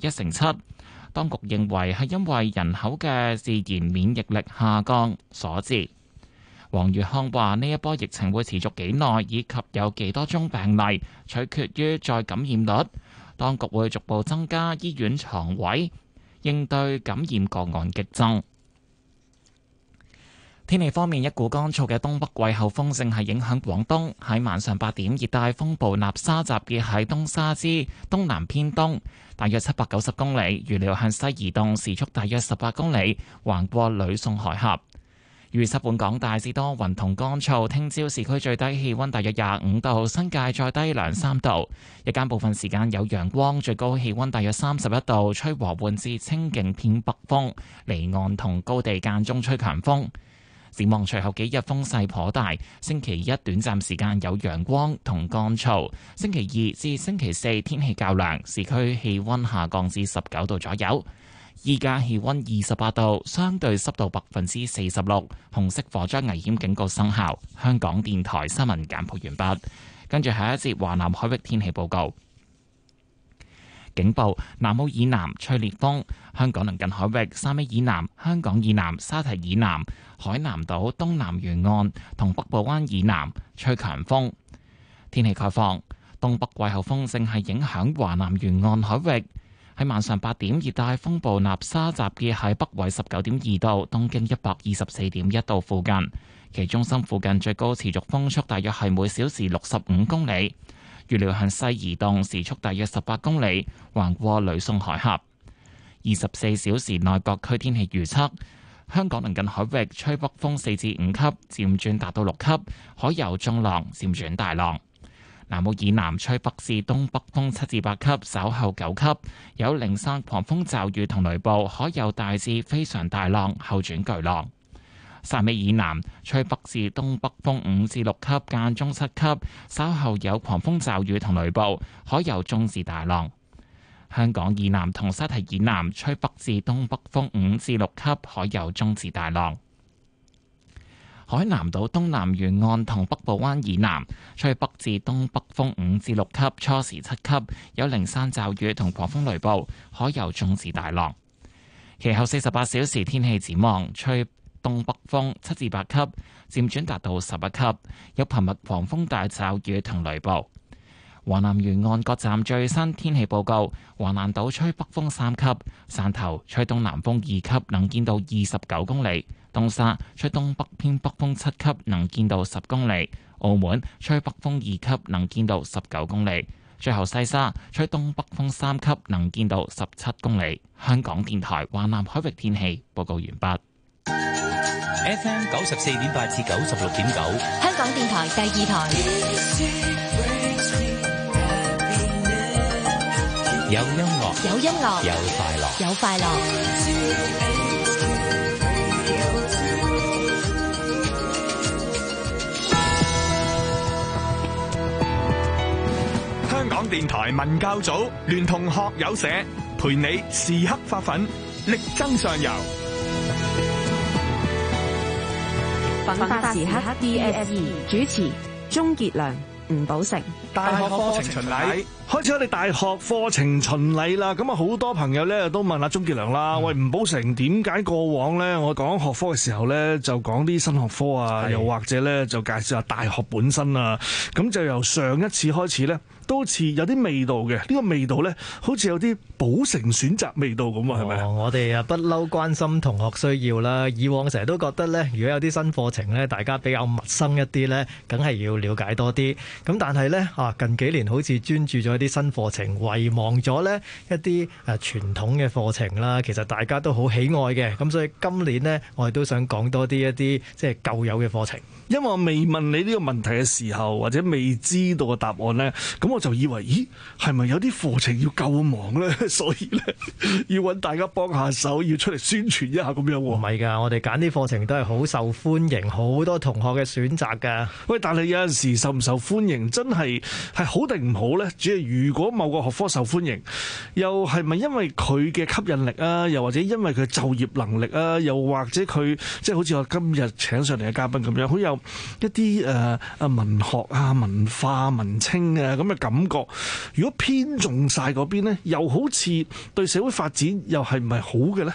一成七，當局認為係因為人口嘅自然免疫力下降所致。黃月康話：呢一波疫情會持續幾耐，以及有幾多宗病例，取決於再感染率。當局會逐步增加醫院床位，應對感染個案激增。天氣方面，一股乾燥嘅東北季候風正係影響廣東。喺晚上八點，熱帶風暴納沙集結喺東沙之東南偏東。大約七百九十公里，預料向西移動，時速大約十八公里，橫過呂宋海峽。預測本港大致多雲同乾燥，聽朝市區最低氣溫大約廿五度，新界再低兩三度。日間部分時間有陽光，最高氣溫大約三十一度，吹和緩至清勁偏北風，離岸同高地間中吹強風。展望隨後幾日風勢頗大，星期一短暫時間有陽光同乾燥，星期二至星期四天氣較涼，市區氣溫下降至十九度左右。依家氣溫二十八度，相對濕度百分之四十六，紅色火災危險警告生效。香港電台新聞簡報完畢，跟住下一節華南海域天氣報告。警報：南澳以南吹烈風，香港鄰近海域三米以南、香港以南沙堤以南海南島東南沿岸同北部灣以南吹強風。天氣概況：東北季候風正係影響華南沿岸海域。喺晚上八點，熱帶風暴納沙集結喺北緯十九點二度、東經一百二十四點一度附近，其中心附近最高持續風速大約係每小時六十五公里。預料向西移動，時速大約十八公里，橫過呂宋海峽。二十四小時內，各區天氣預測：香港鄰近海域吹北風四至五級，漸轉達到六級，海有中浪，漸轉大浪；南澳以南吹北至東北風七至八級，稍後九級，有零散狂風驟雨同雷暴，海有大致非常大浪，後轉巨浪。汕尾以南吹北至東北風五至六級，間中七級，稍後有狂風驟雨同雷暴，海有中至大浪。香港以南同沙提以南吹北至東北風五至六級，海有中至大浪。海南島東南沿岸同北部灣以南吹北至東北風五至六級，初時七級，有零散驟雨同狂風雷暴，海有中至大浪。其後四十八小時天氣展望吹。東北風七至八級，漸轉達到十一級，有頻密狂風大驟雨同雷暴。華南沿岸各站最新天氣報告：華南島吹北風三級，汕頭吹東南風二級，能見度二十九公里；東沙吹東北偏北風七級，能見度十公里；澳門吹北風二級，能見度十九公里；最後西沙吹東北風三級，能見度十七公里。香港電台華南海域天氣報告完畢。FM 九十四點八至九十六點九，香港電台第二台，有音樂，有音樂，有快樂，有快樂。香港電台文教組聯同學友社，陪你時刻發奮，力爭上游。奮發時刻 DSE 主持，鍾傑良。 吳寶成，大學課程巡禮開始，我哋大學課程巡禮啦。咁啊，好多朋友咧都問阿鍾潔良啦。喂、嗯，吳寶成，點解過往咧我講學科嘅時候咧就講啲新學科啊，的又或者咧就介紹下大學本身啊。咁就由上一次開始咧，都似有啲味道嘅。呢、這個味道咧，好似有啲寶成選擇味道咁啊，係咪、哦、我哋啊不嬲關心同學需要啦。以往成日都覺得咧，如果有啲新課程咧，大家比較陌生一啲咧，梗係要了解多啲。咁但係咧啊，近幾年好似專注咗一啲新課程，遺忘咗咧一啲誒傳統嘅課程啦。其實大家都好喜愛嘅，咁所以今年咧，我哋都想講多啲一啲即係舊有嘅課程。因為我未問你呢個問題嘅時候，或者未知道嘅答案咧，咁我就以為咦係咪有啲課程要救亡咧？ 所以咧呢 要揾大家幫下手，要出嚟宣傳一下咁樣，喎。唔係噶，我哋揀啲課程都係好受歡迎，好多同學嘅選擇噶喂，但係有陣時受唔受歡迎型真係係好定唔好呢？主要如果某個學科受歡迎，又係咪因為佢嘅吸引力啊？又或者因為佢就業能力啊？又或者佢即係好似我今日請上嚟嘅嘉賓咁樣，好有一啲誒啊文學啊文化、文青啊，咁嘅感覺。如果偏重晒嗰邊呢，又好似對社會發展又係唔係好嘅呢？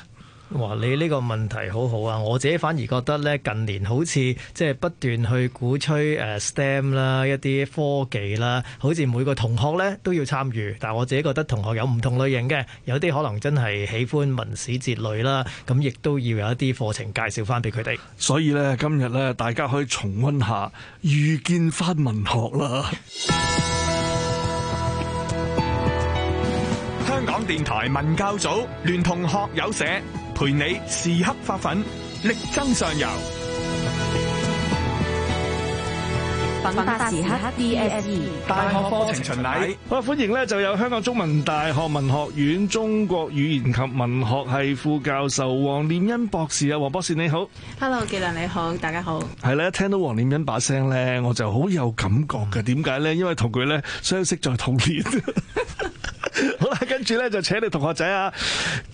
哇！你呢個問題好好啊！我自己反而覺得呢，近年好似即係不斷去鼓吹誒 STEM 啦，一啲科技啦，好似每個同學呢都要參與。但我自己覺得同學有唔同類型嘅，有啲可能真係喜歡文史哲類啦，咁亦都要有一啲課程介紹翻俾佢哋。所以呢，今日呢大家可以重溫下遇見翻文學啦！香港電台文教組聯同學友社。陪你時刻發奮，力爭上游。奮發時刻 DSE 大學課程巡禮，好啊！歡迎咧，就有香港中文大學文學院中國語言及文學系副教授黃念欣博士啊，黃博士你好。Hello，紀亮你好，大家好。係咧，聽到黃念欣把聲咧，我就好有感覺嘅。點解咧？因為同佢咧相識喺同年。 跟住咧就請你同學仔啊，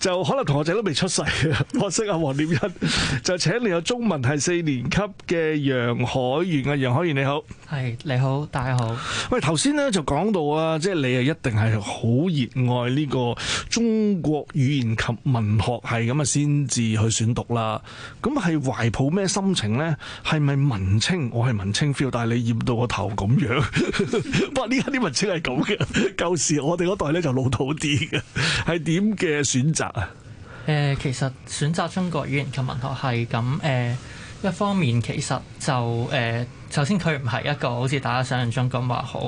就可能同學仔都未出世啊。我識啊黃念欣，就請你有中文系四年級嘅楊凱源啊，楊凱源你好。係你好，大家好。喂，頭先咧就講到啊，即係你係一定係好熱愛呢個中國語言及文學系咁啊，先至去選讀啦。咁係懷抱咩心情呢？係咪文青？我係文青 feel，但係你染到個頭咁樣。 不過呢家啲文青係咁嘅，舊時我哋嗰代咧就老土啲嘅，係點嘅選擇啊？誒、呃，其實選擇中國語言及文學系咁誒。一方面其實就誒，首、呃、先佢唔係一個好似大家想象中咁話好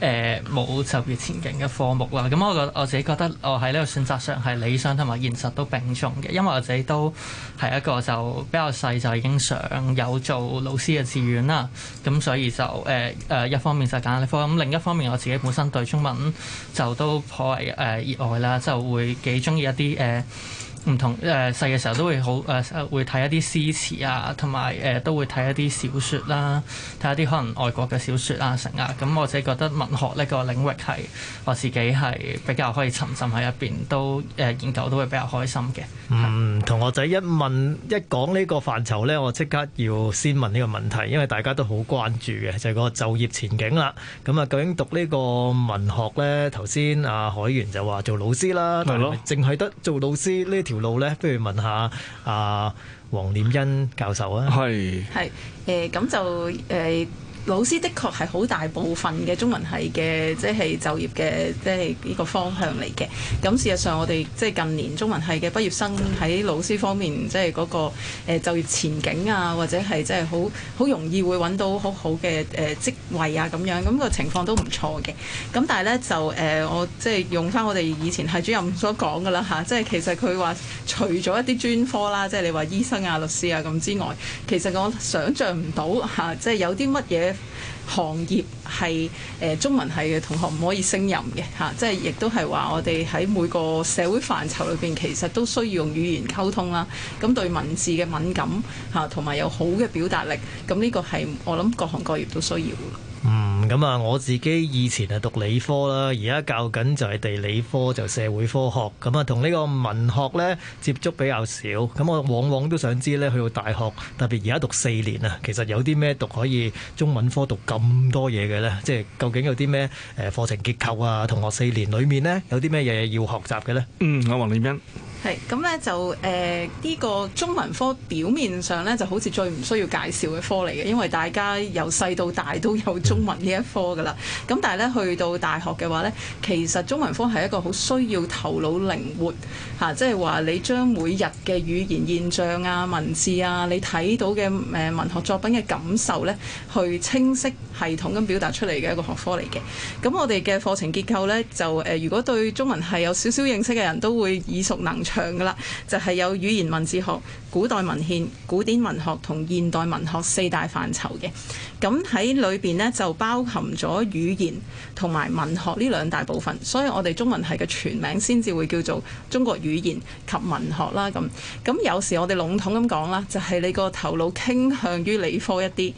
誒冇就業前景嘅科目啦。咁我個我自己覺得我喺呢個選擇上係理想同埋現實都並重嘅，因為我自己都係一個就比較細就已經想有做老師嘅志願啦。咁所以就誒誒、呃、一方面就揀呢科，咁另一方面我自己本身對中文就都頗為誒熱愛啦，就會幾中意一啲誒。呃唔同誒細嘅時候都會好誒誒會睇一啲詩詞啊，同埋誒都會睇一啲小說啦、啊，睇一啲可能外國嘅小說啊成啊，咁我自己覺得文學呢個領域係我自己係比較可以沉浸喺入邊，都誒、呃、研究都會比較開心嘅。嗯，同學仔一問一講呢個範疇咧，我即刻要先問呢個問題，因為大家都好關注嘅就係、是、個就業前景啦。咁啊，究竟讀呢個文學咧？頭先阿凱源就話做老師啦，係咯，淨係得做老師呢條？條路咧，不如問下阿黃念欣教授啊是。係係誒，咁就誒。 老師的確係好大部分嘅中文系嘅，即係就業嘅，即係呢個方向嚟嘅。咁事實上，我哋即係近年中文系嘅畢業生喺老師方面，即係嗰個就業前景啊，或者係即係好好容易會揾到好好嘅誒職位啊，咁樣咁個情況都唔錯嘅。咁但係呢，就誒、呃，我即係用翻我哋以前系主任所講噶啦吓，即係其實佢話除咗一啲專科啦，即係你話醫生啊、律師啊咁之外，其實我想像唔到吓，即係有啲乜嘢？行業係誒、呃、中文系嘅同學唔可以勝任嘅嚇、啊，即係亦都係話我哋喺每個社會範疇裏邊，其實都需要用語言溝通啦。咁、啊、對文字嘅敏感嚇，同、啊、埋有好嘅表達力，咁呢個係我諗各行各業都需要。嗯，咁啊，我自己以前係讀理科啦，而家教緊就係地理科就係社會科學，咁啊同呢個文學呢，接觸比較少，咁我往往都想知呢，去到大學，特別而家讀四年啊，其實有啲咩讀可以中文科讀咁多嘢嘅呢？即係究竟有啲咩誒課程結構啊？同學四年裡面呢，有啲咩嘢要學習嘅呢？嗯，我黃念欣。係咁咧，就誒呢、呃這個中文科表面上咧，就好似最唔需要介紹嘅科嚟嘅，因為大家由細到大都有中文呢一科噶啦。咁但係咧，去到大學嘅話咧，其實中文科係一個好需要頭腦靈活嚇、啊，即係話你將每日嘅語言現象啊、文字啊、你睇到嘅誒文學作品嘅感受咧，去清晰系統咁表達出嚟嘅一個學科嚟嘅。咁我哋嘅課程結構咧，就誒、呃、如果對中文係有少少認識嘅人都會耳熟能詳。噶啦，就係有語言文字學、古代文獻、古典文學同現代文學四大範疇嘅。咁喺裏邊呢，就包含咗語言同埋文學呢兩大部分，所以我哋中文系嘅全名先至會叫做中國語言及文學啦。咁咁有時我哋籠統咁講啦，就係、是、你個頭腦傾向於理科一啲。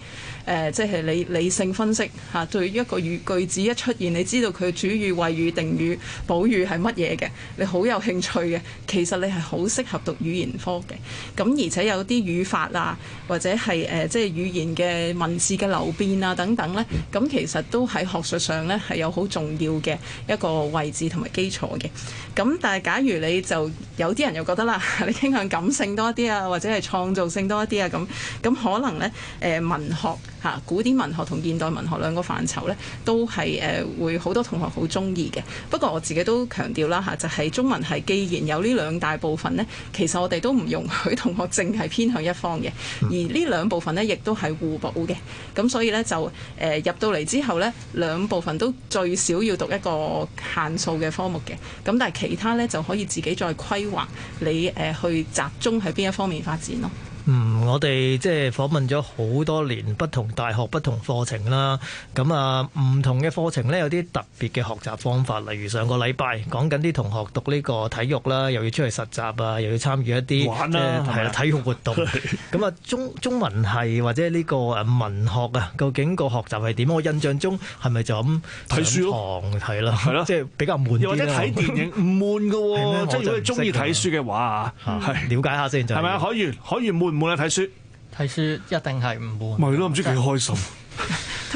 誒，即係理理性分析嚇、啊，對於一個語句子一出現，你知道佢主語、謂語、定語、補語係乜嘢嘅，你好有興趣嘅。其實你係好適合讀語言科嘅。咁、啊、而且有啲語法啊，或者係誒、啊，即係語言嘅文字嘅流變啊，等等呢，咁、啊、其實都喺學術上呢係有好重要嘅一個位置同埋基礎嘅。咁、啊、但係假如你就有啲人又覺得啦、啊，你傾向感性多啲啊，或者係創造性多一啲啊，咁、啊、咁、啊、可能呢誒、啊、文學。古典文學同現代文學兩個範疇咧，都係誒、呃、會好多同學好中意嘅。不過我自己都強調啦，嚇就係、是、中文系既然有呢兩大部分呢，其實我哋都唔容許同學淨係偏向一方嘅。而呢兩部分呢亦都係互補嘅。咁所以呢，就誒、呃、入到嚟之後呢，兩部分都最少要讀一個限數嘅科目嘅。咁但係其他呢，就可以自己再規劃你誒、呃、去集中喺邊一方面發展咯。嗯，我哋即係訪問咗好多年不同大學、不同課程啦。咁啊，唔同嘅課程咧有啲特別嘅學習方法，例如上個禮拜講緊啲同學讀呢個體育啦，又要出去實習啊，又要參與一啲即係係啊體育活動。咁啊中中文系或者呢個誒文學啊，究竟個學習係點？我印象中係咪就咁睇書堂咯？係啦，係啦，即係比較悶啲啦。或者睇電影唔悶噶喎，即係如果中意睇書嘅話，係瞭解下先就係咪啊？可以，可以悶。唔會啦，睇書，睇書一定係唔會，唔係，都唔知幾開心。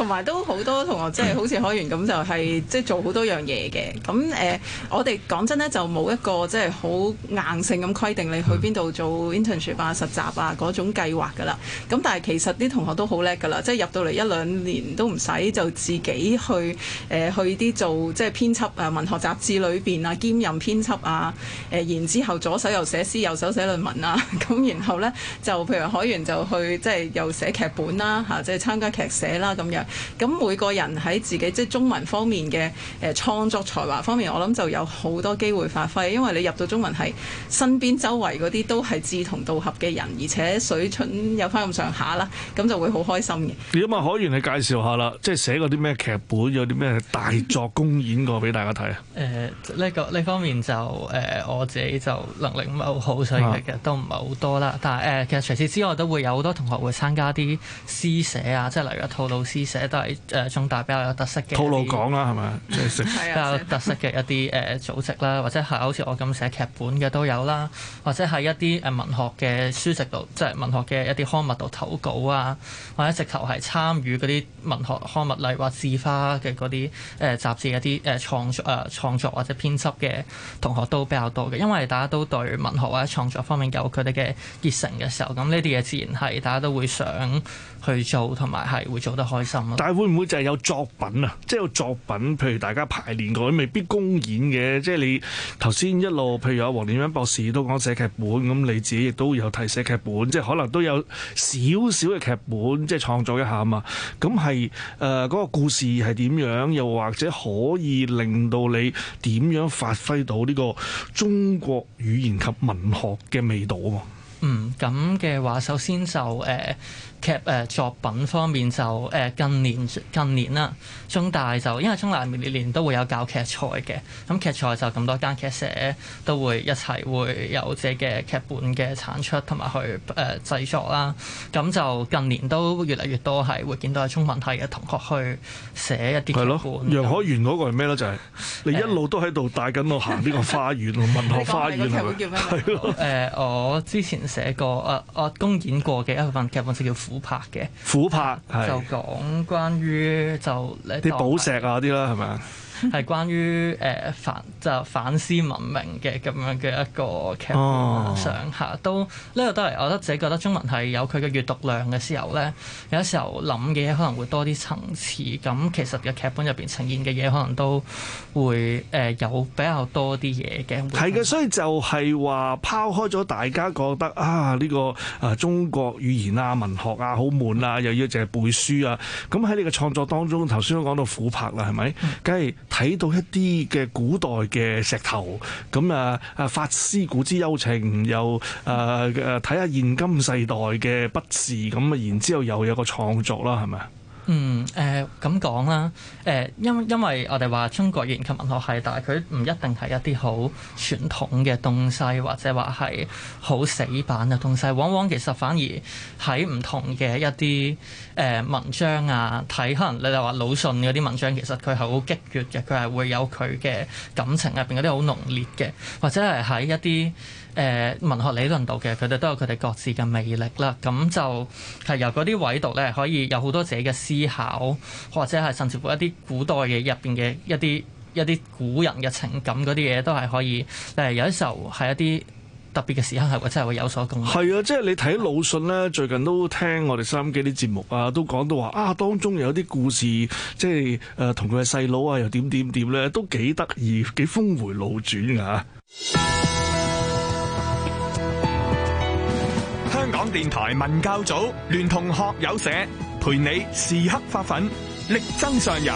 同埋都好多同學即係好似凱源咁，就係即係做好多樣嘢嘅咁誒，我哋講真呢，就冇一個即係好硬性咁規定你去邊度做 internship 啊實習啊嗰種計劃噶啦。咁但係其實啲同學都好叻噶啦，即係入到嚟一兩年都唔使就自己去誒、呃、去啲做即係編輯啊，文學雜誌裏邊啊兼任編輯啊誒、呃、然之後左手又寫詩，右手寫論文啊咁 然後呢，就譬如凱源就去即係又寫劇本啦嚇，即係參加劇社啦咁樣。咁每個人喺自己即係中文方面嘅誒創作才華方面，我諗就有好多機會發揮，因為你入到中文系身邊周圍嗰啲都係志同道合嘅人，而且水準有翻咁上下啦，咁就會好開心嘅。咁啊，凱源你介紹下啦，即係寫過啲咩劇本，有啲咩大作公演過俾大家睇啊？誒 、呃，呢、這個呢方面就誒、呃、我自己就能力唔係好好，所以其實都唔係好多啦。但係、呃、誒，其實除此之外都會有好多同學會參加啲詩社啊，即係例如一套老師。寫都係誒中大比較有特色嘅套路講啦，係咪？即係食比較特色嘅一啲誒組織啦，或者係好似我咁寫劇本嘅都有啦，或者係一啲誒文學嘅書籍度，即係文學嘅一啲刊物度投稿啊，或者直頭係參與嗰啲文學刊物，例如《字花》嘅嗰啲誒雜誌，一啲誒創作啊、呃、創作或者編輯嘅同學都比較多嘅，因為大家都對文學或者創作方面有佢哋嘅熱誠嘅時候，咁呢啲嘢自然係大家都會想去做，同埋係會做得開心。但係會唔會就係有作品啊？即係有作品，譬如大家排練過，未必公演嘅。即係你頭先一路，譬如阿黃念欣博士都講寫劇本，咁你自己亦都有提寫劇本，即係可能都有少少嘅劇本，即係創作一下嘛。咁係誒嗰個故事係點樣？又或者可以令到你點樣發揮到呢個中國語言及文學嘅味道喎？嗯，咁嘅話，首先就誒。呃劇誒作品方面就誒近年近年啦，中大就因為中大年年都會有教劇賽嘅，咁劇賽就咁多間劇社都會一齊會有自己嘅劇本嘅產出，同埋去誒製作啦。咁就近年都越嚟越多係會見到有中文系嘅同學去寫一啲劇本，係咯，楊凱源嗰個係咩咧？就係、是、你一路都喺度帶緊我行呢個花園啊， 文學花園係叫咩？誒，是的 我之前寫過誒，我公演過嘅一份劇本就叫。琥珀嘅，琥珀就講關於就你啲寶石啊啲啦，係咪啊？係關於誒反就反思文明嘅咁樣嘅一個劇本上下，啊，都呢個都係我覺得自己覺得中文係有佢嘅閱讀量嘅時候咧，有時候諗嘅嘢可能會多啲層次，咁其實嘅劇本入邊呈現嘅嘢可能都會誒有比較多啲嘢嘅。係嘅，所以就係話拋開咗大家覺得啊呢個啊中國語言啊文學啊好悶啊，又要淨係背書啊，咁喺你嘅創作當中，頭先都講到琥珀啦，係咪？梗係。睇到一啲嘅古代嘅石頭，咁啊啊發思古之幽情，又誒誒睇下現今世代嘅筆字，咁啊然之後又有一個創作啦，係咪？嗯，誒咁講啦，誒、呃、因為因為我哋話中國語言及文學系，但係佢唔一定係一啲好傳統嘅東西，或者話係好死板嘅東西。往往其實反而喺唔同嘅一啲誒、呃、文章啊，睇可能你話魯迅啲文章，其實佢係好激烈嘅，佢係會有佢嘅感情入邊啲好濃烈嘅，或者係喺一啲誒、呃、文學理論度嘅，佢哋都有佢哋各自嘅魅力啦。咁就係由啲偉讀咧，可以有好多自己嘅思。思考，或者係甚至乎一啲古代嘅入邊嘅一啲一啲古人嘅情感，嗰啲嘢都係可以。誒，有啲時候係一啲特別嘅時刻，係會真係會有所共鳴。係啊，即係你睇魯迅咧，最近都聽我哋收音機啲節目啊，都講到話啊，當中有啲故事，即係誒，同佢嘅細佬啊，又點點點咧，都幾得意，幾峰回路轉啊！香港電台文教組聯同學友社。陪你時刻發奮，力爭上游。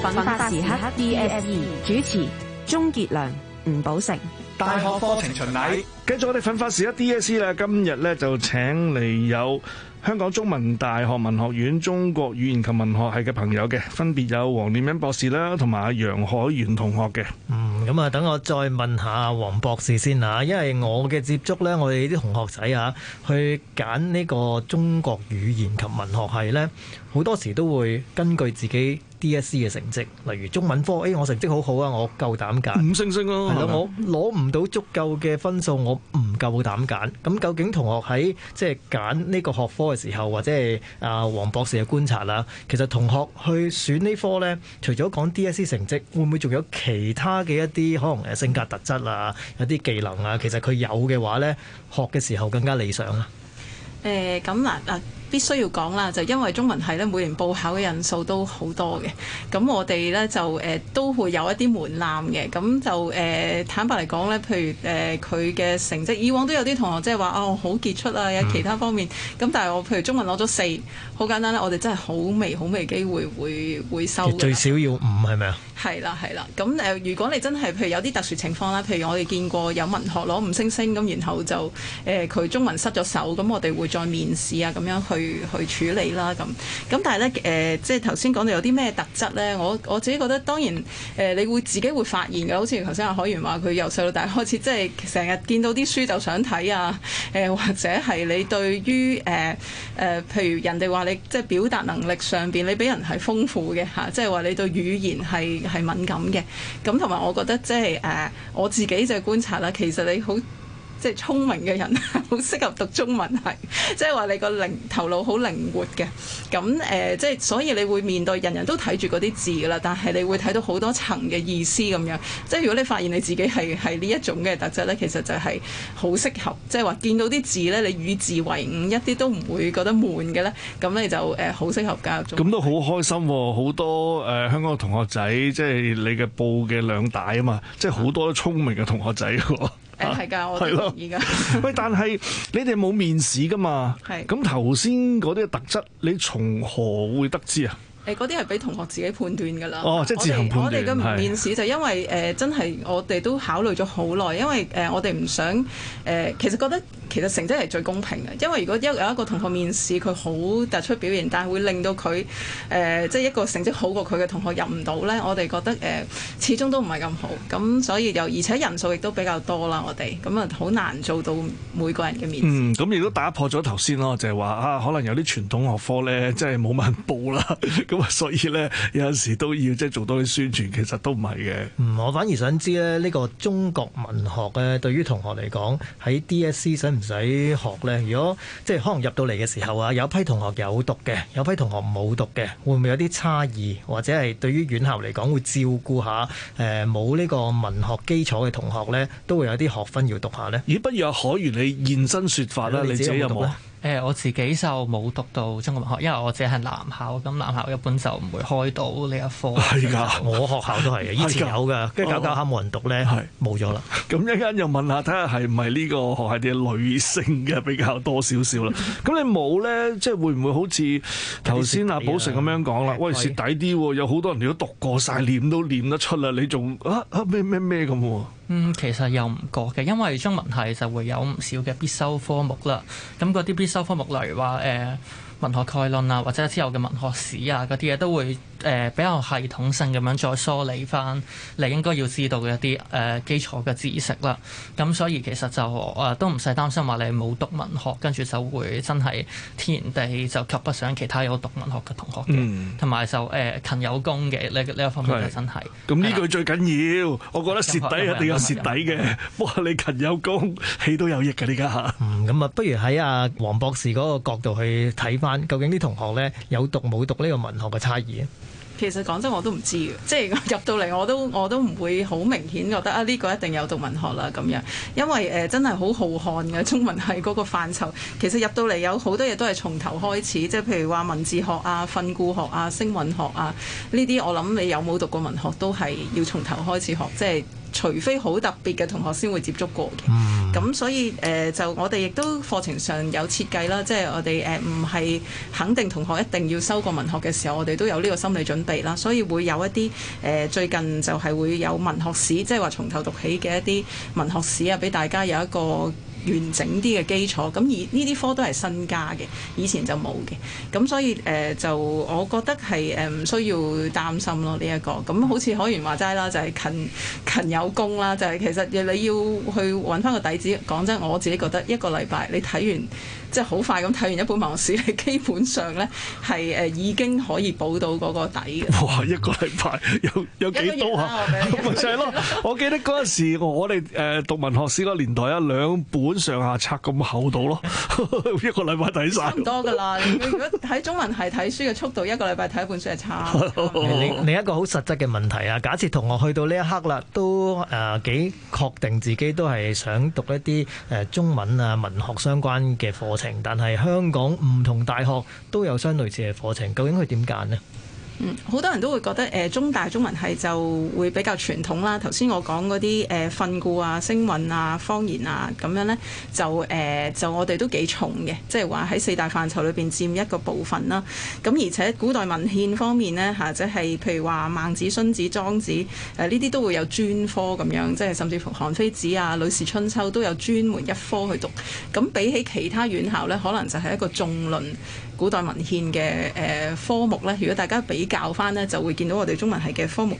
奮發時刻 DSE 主持鍾杰良、吳寶成。大學課程巡禮，繼續我哋奮發時刻 DSE 啦。今日咧就請嚟有香港中文大學文學院中國語言及文學系嘅朋友嘅，分別有黃念欣博士啦，同埋阿楊凱源同學嘅。嗯。咁啊，等我再問下黃博士先嚇，因為我嘅接觸呢，我哋啲同學仔嚇、啊，去揀呢個中國語言及文學系呢，好多時都會根據自己。D.S.E 嘅成績，例如中文科，哎，我成績好好啊，我夠膽揀五星星啊！係啦，我攞唔到足夠嘅分數，我唔夠膽揀。咁究竟同學喺即係揀呢個學科嘅時候，或者係啊，黃博士嘅觀察啦，其實同學去選呢科呢，除咗講 D.S.E 成績，會唔會仲有其他嘅一啲可能誒性格特質啊，有啲技能啊，其實佢有嘅話呢，學嘅時候更加理想、呃、啊？誒，咁嗱嗱。必須要講啦，就因為中文系咧，每年報考嘅人數都好多嘅，咁我哋咧就誒、呃、都會有一啲門檻嘅，咁就誒、呃、坦白嚟講咧，譬如誒佢嘅成績，以往都有啲同學即係話哦好傑出啊，有其他方面，咁、嗯、但係我譬如中文攞咗四，好簡單啦，我哋真係好微好微機會會會、會收嘅，最少要五，係咪啊？係啦，係啦。咁誒、嗯，如果你真係譬如有啲特殊情況啦，譬如我哋見過有文學攞五星星咁，然後就誒佢、呃、中文失咗手，咁、嗯、我哋會再面試啊，咁樣去去處理啦，咁、嗯、咁但係咧誒，即係頭先講到有啲咩特質咧，我我自己覺得當然誒、呃，你會自己會發現嘅，好似頭先阿凱源話佢由細到大開始，即係成日見到啲書就想睇啊，誒、呃、或者係你對於誒誒，譬如人哋話你即係表達能力上邊你俾人係豐富嘅嚇、啊，即係話你對語言係。係敏感嘅，咁同埋我覺得即係誒，uh, 我自己就觀察啦。其實你好，即係聰明嘅人，好 適合讀中文系，即係話你個靈頭腦好靈活嘅。咁誒，即、呃、係所以你會面對人人都睇住嗰啲字㗎喇，但係你會睇到好多層嘅意思咁樣。即係如果你發現你自己係係呢一種嘅特質咧，其實就係好適合。即係話見到啲字咧，你與字為伍，一啲都唔會覺得悶嘅咧。咁你就誒，好、呃、適合教育。中。咁都好開心、啊，好多誒、呃、香港同學仔，即係你嘅報嘅兩大啊嘛，即係好多都聰明嘅同學仔。 誒，係噶、啊哎，我同意噶。喂，但係你哋冇面試噶嘛？係的。咁頭先嗰啲嘅特質，你從何會得知啊？誒、哎，嗰啲係俾同學自己判斷噶啦。哦，即、就、係、是、自行判斷。我哋嘅面試就因為誒、呃，真係我哋都考慮咗好耐，因為誒、呃，我哋唔想誒、呃，其實覺得。其實成績係最公平嘅，因為如果一有一個同學面試佢好突出表現，但係會令到佢誒、呃、即係一個成績好過佢嘅同學入唔到呢。我哋覺得誒、呃、始終都唔係咁好，咁所以又而且人數亦都比較多啦，我哋咁啊好難做到每個人嘅面試。嗯，咁亦都打破咗頭先咯，就係、是、話啊，可能有啲傳統學科呢，即係冇乜人報啦，咁 啊、嗯、所以呢，有時都要即係做多啲宣傳，其實都唔係嘅。我反而想知咧呢、這個中國文學咧，對於同學嚟講喺 DSE 使學呢。如果即係可能入到嚟嘅時候啊，有批同學有讀嘅，有批同學冇讀嘅，會唔會有啲差異？或者係對於院校嚟講，會照顧下誒冇呢個文學基礎嘅同學呢，都會有啲學分要讀下呢？咦，不如阿凱源，你現身説法啦，對你自己有冇？誒我自己就冇讀到中國文學，因為我自己係男校，咁男校一般就唔會開到呢一科。係㗎，我學校都係，以前有㗎，跟住搞搞下冇人讀咧，係冇咗啦。咁一陣間又問下，睇下係唔係呢個學校啲女性嘅比較多少少啦。咁你冇咧，即係會唔會好似頭先阿寶誠咁樣講啦？喂，蝕底啲喎，有好多人你都讀過晒，念都念得出啦，你仲啊啊咩咩咩咁喎？呃呃嗯，其實又唔覺嘅，因為中文系就會有唔少嘅必修科目啦。咁嗰啲必修科目，例如話誒、呃文學概論啊，或者之後嘅文學史啊，嗰啲嘢都會誒、呃、比較系統性咁樣再梳理翻你應該要知道嘅一啲誒、呃、基礎嘅知識啦。咁、嗯、所以其實就誒、呃、都唔使擔心話你冇讀文學，跟住就會真係天然地就及不上其他有讀文學嘅同學嘅。同埋、嗯、就誒、呃、勤有功嘅呢呢一方面真係。咁呢句最緊要，我覺得蝕底一定有蝕底嘅，不過你勤有功，戲都有益嘅，依家嚇。嗯，咁啊，不如喺阿、啊、黃博士嗰個角度去睇翻。究竟啲同學呢有讀冇讀呢個文學嘅差異？其實講真我都唔知。即係入到嚟我都我都唔會好明顯覺得啊呢個一定有讀文學啦咁樣，因為誒、呃、真係好浩瀚嘅中文係嗰個範疇。其實入到嚟有好多嘢都係從頭開始，即係譬如話文字學啊、訓詁學啊、聲韻學啊呢啲，我諗你有冇讀過文學都係要從頭開始學，即係。除非好特別嘅同學先會接觸過嘅，咁、嗯、所以誒、呃、就我哋亦都課程上有設計啦，即係我哋誒唔係肯定同學一定要修過文學嘅時候，我哋都有呢個心理準備啦，所以會有一啲誒、呃、最近就係會有文學史，即係話從頭讀起嘅一啲文學史啊，俾大家有一個。完整啲嘅基礎，咁而呢啲科都係新加嘅，以前就冇嘅，咁所以誒、呃、就我覺得係誒唔需要擔心咯呢一、這個，咁、嗯、好似凱源話齋啦，就係、是、勤勤有功啦，就係、是、其實你要去揾翻個底子，講真我自己覺得一個禮拜你睇完。即係好快咁睇完一本文學史，你基本上咧係誒已經可以補到嗰個底嘅。哇！一個禮拜有有幾多啊？咪就係咯。我記得嗰陣時我，我哋誒讀文學史個年代啊，兩本上下冊咁厚到咯， 一個禮拜睇晒。差唔多㗎啦。如果喺中文系睇書嘅速度， 一個禮拜睇一本書係差。你另一個好實質嘅問題啊！假設同學去到呢一刻啦，都誒幾確定自己都係想讀一啲誒中文啊文學相關嘅課程。但係香港唔同大學都有相類似嘅課程，究竟佢點揀呢？嗯，好多人都會覺得誒、呃、中大中文系就會比較傳統啦。頭先我講嗰啲誒訓詁啊、聲韻啊、方言啊咁樣呢，就誒、呃、就我哋都幾重嘅，即係話喺四大範疇裏邊佔一個部分啦。咁而且古代文獻方面呢，嚇，即係譬如話孟子、荀子、莊子誒呢啲都會有專科咁樣，即係甚至乎韓非子啊、《呂氏春秋》都有專門一科去讀。咁比起其他院校呢，可能就係一個綜論古代文獻嘅誒科目呢。如果大家比教翻呢，就會見到我哋中文系嘅科目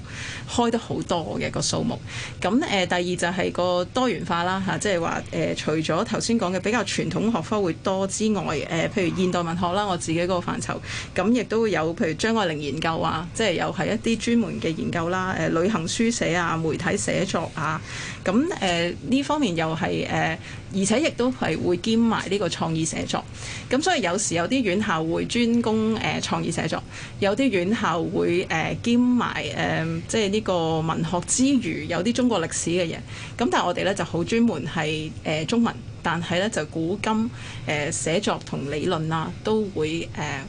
開得好多嘅個數目。咁誒，第二就係個多元化啦嚇，即係話誒，除咗頭先講嘅比較傳統學科會多之外，誒、呃，譬如現代文學啦，我自己嗰個範疇，咁亦都會有譬如張愛玲研究啊，即係又係一啲專門嘅研究啦。誒、呃，旅行書寫啊，媒體寫作啊，咁誒呢方面又係誒、呃，而且亦都係會兼埋呢個創意寫作。咁、啊、所以有時有啲院校會專攻誒、呃、創意寫作，有啲院後會誒兼埋誒，即係呢個文學之餘有啲中國歷史嘅嘢，咁但係我哋呢就好專門係誒中文，但係呢就古今誒寫作同理論啊都會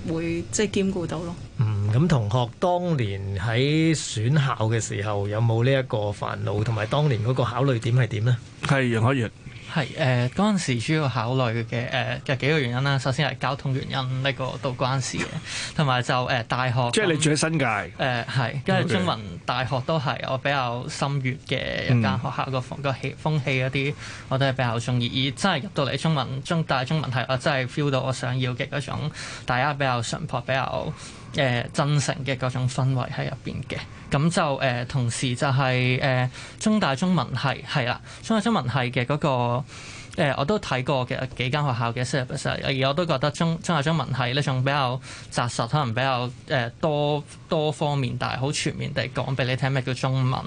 誒會即係兼顧到咯。嗯，咁同學當年喺選校嘅時候有冇呢一個煩惱，同埋當年嗰個考慮點係點呢？係楊凱源。係誒嗰陣時主要考慮嘅誒有幾個原因啦，首先係交通原因呢、呢個都關事嘅，同埋就誒、呃、大學。呃、即係你住喺新界，誒係、呃，Okay. 因為中文大學都係我比較心悅嘅一間學校，個、嗯、風個氣風氣一啲，我都係比較中意。而真係入到嚟中文，中大中文係我真係 feel 到我想要嘅嗰種，大家比較淳樸比較。誒，真誠嘅各種氛圍喺入邊嘅，咁就誒、呃，同時就係誒中大中文系係啦，中大中文系嘅嗰、嗰個。誒、呃，我都睇過嘅幾間學校嘅 service 而我都覺得中中大中文系呢仲比較紮實，可能比較誒多多方面，但係好全面地講俾你聽咩叫中文，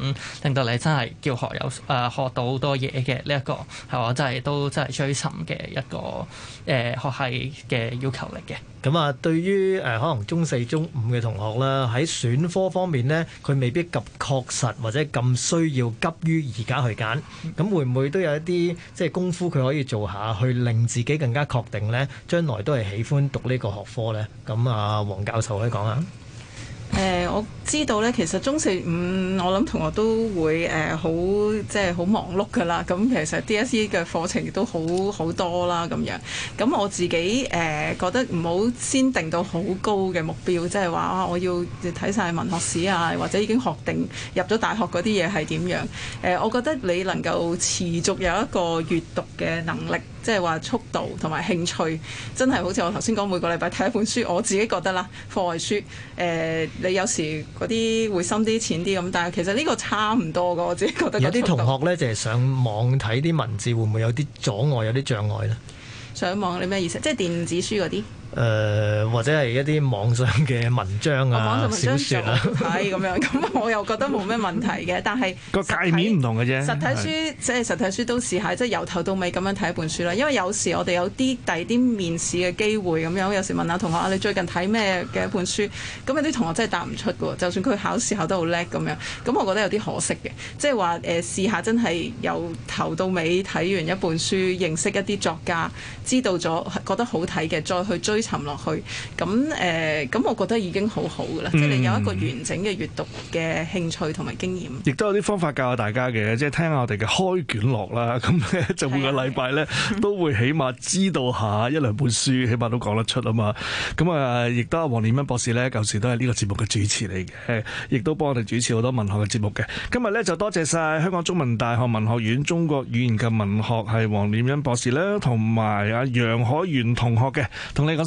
令到你真係叫學有誒、呃、學到好多嘢嘅呢一個係我真係都真係追尋嘅一個誒學系嘅要求嚟嘅。咁啊，對於誒、呃、可能中四中五嘅同學啦，喺選科方面咧，佢未必咁確實或者咁需要急於而家去揀，咁會唔會都有一啲即係功夫佢可以做下去，令自己更加確定咧，將來都係喜歡讀呢個學科咧。咁啊，黃教授可以講下。誒、呃、我知道咧，其實中四五我諗同學都會誒、呃、好即係好忙碌㗎喇。咁、嗯、其實 DSE 嘅課程亦都好好多啦咁樣。咁、嗯、我自己誒、呃、覺得唔好先定到好高嘅目標，即係話啊我要睇晒文學史啊，或者已經學定入咗大學嗰啲嘢係點樣，誒、呃，我覺得你能夠持續有一個閱讀嘅能力。即係話速度同埋興趣，真係好似我頭先講每個禮拜睇一本書，我自己覺得啦，課外書誒、呃，你有時嗰啲會深啲淺啲咁，但係其實呢個差唔多噶，我自己覺得。有啲同學呢，就係、係、上網睇啲文字，會唔會有啲阻礙、有啲障礙呢？上網你咩意思？即係電子書嗰啲？誒、呃、或者係一啲網上嘅文章啊、網上文章小説啊，係咁 樣，咁我又覺得冇咩問題嘅。但係個界面唔同嘅啫。實體書即係實體書都試下，即係由頭到尾咁樣睇一本書啦。因為有時我哋有啲第二啲面試嘅機會咁樣，有時問下同學啊，你最近睇咩嘅一本書？咁有啲同學真係答唔出嘅喎，就算佢考試考得好叻咁樣，咁我覺得有啲可惜嘅。即係話誒，試下真係由頭到尾睇完一本書，認識一啲作家，知道咗覺得好睇嘅，再去追。沉落去，咁誒、嗯，咁我覺得已經好好噶啦，即係你有一個完整嘅閱讀嘅興趣同埋經驗。亦都有啲方法教下大家嘅，即、就、係、是、聽下我哋嘅開卷落啦。咁 咧就每個禮拜咧都會起碼知道一下一兩本書，起碼都講得出啊嘛。咁、嗯、啊，亦都黃念欣博士咧，舊時都係呢個節目嘅主持嚟嘅，亦都幫我哋主持好多文學嘅節目嘅。今日咧就多謝晒香港中文大學文學院中國語言嘅文學系黃念欣博士啦，同埋阿楊凱源同學嘅，同你講。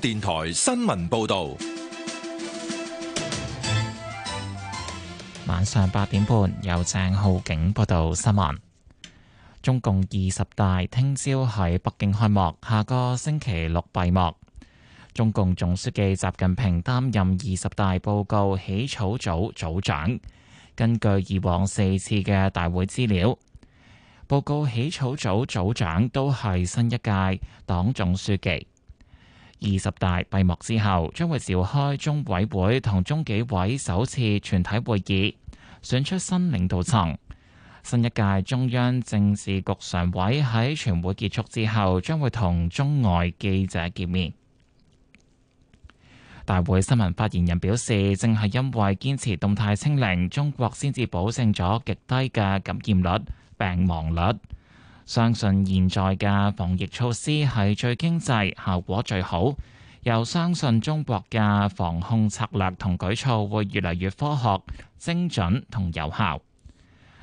電台新聞報道，晚上八點半由鄭浩景報道新聞。中共二十大聽朝喺北京開幕，下個星期六閉幕。中共總書記習近平擔任二十大報告起草組組長。根據以往四次嘅大會資料，報告起草組組長都係新一屆黨總書記。二十大閉幕之後，將會召開中委會同中紀委首次全體會議，選出新領導層。新一屆中央政治局常委喺全會結束之後，將會同中外記者見面。大會新聞發言人表示，正係因為堅持動態清零，中國先至保證咗極低嘅感染率、病亡率。相信現在嘅防疫措施係最經濟、效果最好，又相信中國嘅防控策略同舉措會越嚟越科學、精準同有效。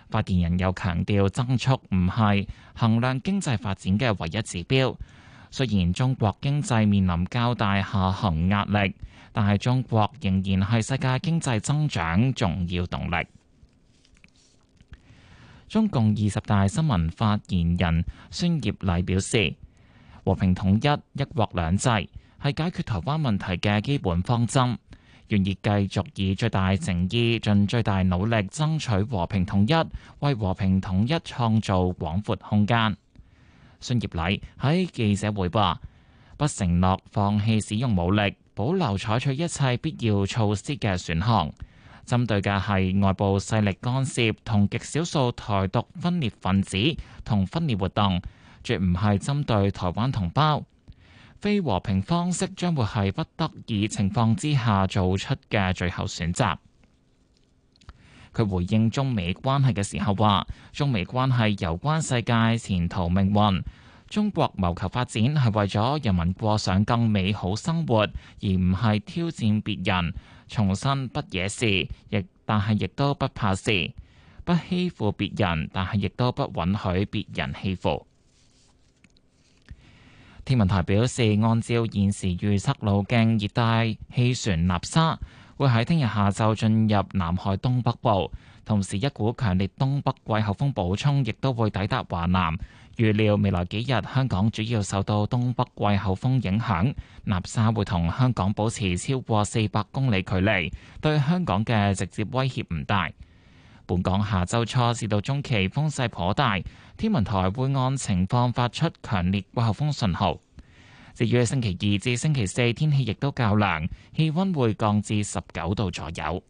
發言人又強調，增速唔係衡量經濟發展嘅唯一指標。雖然中國經濟面臨較大下行壓力，但係中國仍然係世界經濟增長重要動力。中共二十大新聞發言人孫業禮表示：和平統一、一國兩制係解決台灣問題嘅基本方針，願意繼續以最大誠意、盡最大努力爭取和平統一，為和平統一創造廣闊空間。孫業禮喺記者會話：不承諾放棄使用武力，保留採取一切必要措施嘅選項。針對嘅係外部勢力干涉同極少數台獨分裂分子同分裂活動，絕唔係針對台灣同胞。非和平方式將會係不得已情況之下做出嘅最後選擇。佢回應中美關係嘅時候話：中美關係攸關世界前途命運。中國謀求發展係為咗人民過上更美好生活，而唔係挑戰別人。重新不惹事，亦但係亦都不怕事，不欺負別人，但係亦都不允許別人欺負。天文台表示，按照現時預測路徑熱帶氣旋納沙會喺聽日下晝進入南海東北部。同時，一股強烈東北季候風補充，亦都會抵達華南。預料未來幾日，香港主要受到東北季候風影響，納沙會同香港保持超過四百公里距離，對香港嘅直接威脅唔大。本港下週初至到中期風勢頗大，天文台會按情況發出強烈季候風信號。至於星期二至星期四，天氣亦都較涼，氣温會降至十九度左右。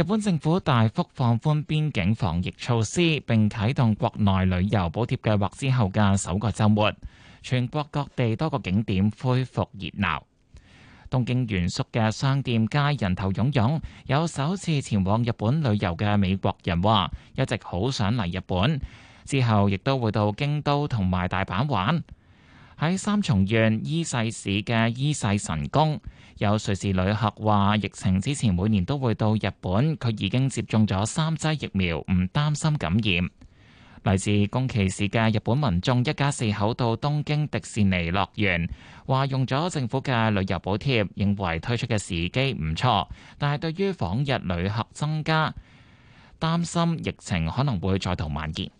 日本政府大幅放寬邊境防疫措施，並啟動國內旅遊補貼計劃之後嘅首個周末，全國各地多個景點恢復熱鬧。東京原宿嘅商店街人頭涌湧，有首次前往日本旅遊嘅美國人話，一直好想嚟日本，之後亦都會到京都同埋大阪玩。喺三重縣伊勢市嘅伊勢神宮。有瑞士旅客話：疫情之前每年都會到日本，佢已經接種咗三劑疫苗，唔擔心感染。嚟自宮崎市嘅日本民眾一家四口到東京迪士尼樂園，話用咗政府嘅旅遊補貼，認為推出嘅時機唔錯。但係對於訪日旅客增加，擔心疫情可能會再度蔓延。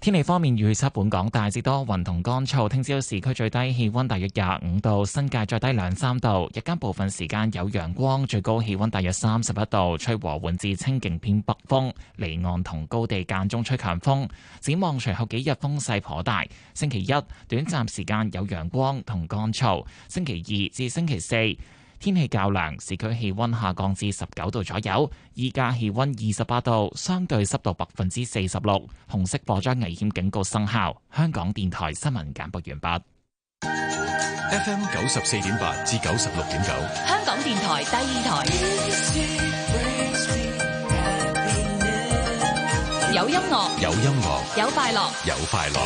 天氣方面預測，本港大致多雲同乾燥。聽朝市區最低氣溫大約廿五度，新界最低兩三度。日間部分時間有陽光，最高氣溫大約三十一度，吹和緩至清勁偏北風，離岸同高地間中吹強風。展望隨後幾日風勢頗大。星期一短暫時間有陽光同乾燥。星期二至星期四。天氣較涼，市區氣溫下降至十九度左右，而家氣溫二十八度，相對濕度百分之四十六，紅色火災危險警告生效。香港電台新聞簡報完畢，FM 九十四點八至九十六點九，香港電台第二台，有音樂，有音樂，有快樂，有快樂。